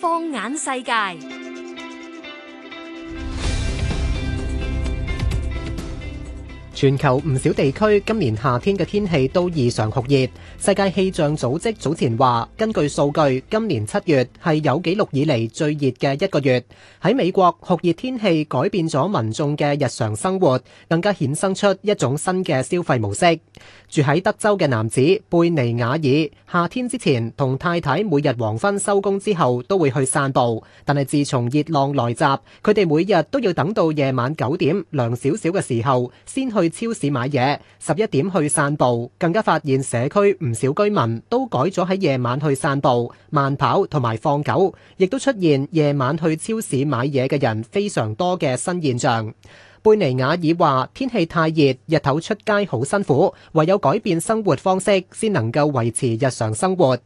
放眼世界。全球唔少地區今年夏天嘅天氣都異常酷熱。世界氣象組織早前話，根據數據，今年七月係有紀錄以嚟最熱嘅一個月。喺美國，酷熱天氣改變咗民眾嘅日常生活，更加衍生出一種新嘅消費模式。住喺德州嘅男子貝尼亞爾，夏天之前同太太每日黃昏收工之後都會去散步，但係自從熱浪來襲，佢哋每日都要等到夜晚九點涼少少嘅時候先去。超市買嘢，十一點去散步，更加發現社區唔少居民都改咗喺夜晚去散步、慢跑同埋放狗，亦都出現夜晚去超市買嘢嘅人非常多嘅新現象。貝尼亞爾話：天氣太熱，日頭出街好辛苦，唯有改變生活方式，先能夠維持日常生活。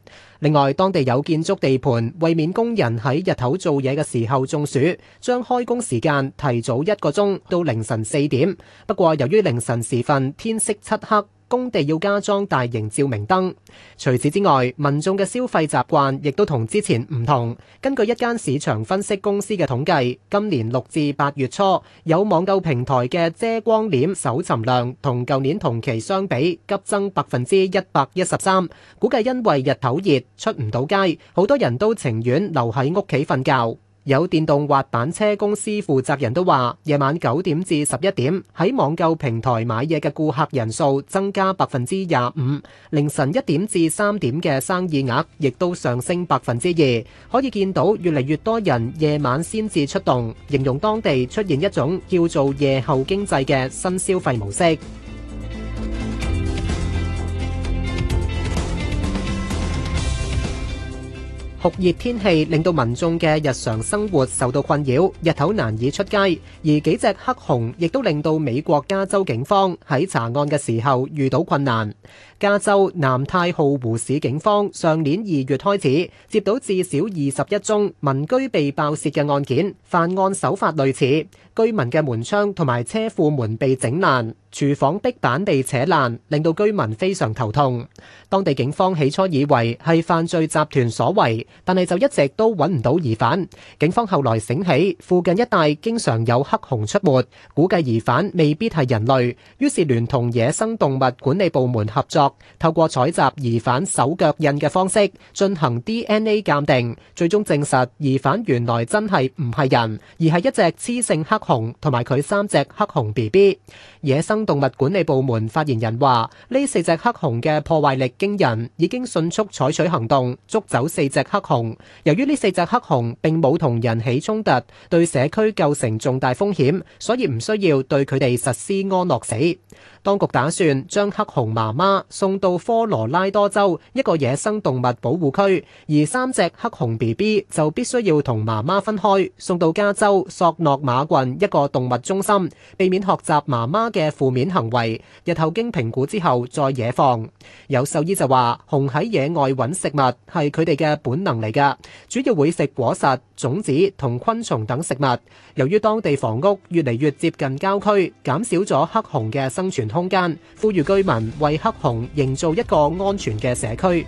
另外，當地有建築地盤，為免工人喺日頭做嘢嘅時候中暑，將開工時間提早一個鐘到凌晨四點。不過，由於凌晨時分天色漆黑。工地要加裝大型照明燈。除此之外，民眾嘅消費習慣亦都同之前唔同。根據一間市場分析公司嘅統計，今年六至八月初，有網購平台嘅遮光簾搜尋量同舊年同期相比急增百分之一百一十三。估計因為日頭熱出唔到街，好多人都情願留喺屋企瞓覺。有電動滑板車公司負責人都話，夜晚九點至十一點喺網購平台買嘢嘅顧客人數增加百分之廿五，凌晨一點至三點嘅生意額亦都上升百分之二。可以見到越嚟越多人夜晚先至出動，形容當地出現一種叫做夜後經濟嘅新消費模式。酷熱天氣令到民眾嘅日常生活受到困擾，日頭難以出街，而幾隻黑熊亦都令到美國加州警方喺查案嘅時候遇到困難。加州南太浩湖市警方上年二月開始接到至少二十一宗民居被爆竊嘅案件，犯案手法類似，居民嘅門窗同埋車庫門被整爛。廚房壁板被扯爛，令到居民非常頭痛。當地警方起初以為係犯罪集團所為，但係就一直都揾唔到疑犯。警方後來醒起，附近一帶經常有黑熊出沒，估計疑犯未必係人類。於是聯同野生動物管理部門合作，透過採集疑犯手腳印嘅方式進行 DNA 鑑定，最終證實疑犯原來真係唔係人，而係一隻雌性黑熊同埋佢三隻黑熊 B B 野生。動物管理部門發言人話：呢四隻黑熊嘅破壞力驚人，已經迅速採取行動，捉走四隻黑熊。由於呢四隻黑熊並冇同人起衝突，對社區構成重大風險，所以唔需要對佢哋實施安樂死。當局打算將黑熊媽媽送到科羅拉多州一個野生動物保護區，而三隻黑熊 BB 就必須要同媽媽分開，送到加州索諾馬郡一個動物中心，避免學習媽媽嘅負面行為。日後經評估之後再野放。有獸醫就話，熊喺野外揾食物係佢哋嘅本能嚟㗎，主要會食果實、種子同昆蟲等食物。由於當地房屋越嚟越接近郊區，減少咗黑熊嘅生存空間，呼籲居民為黑熊營造一個安全嘅社區。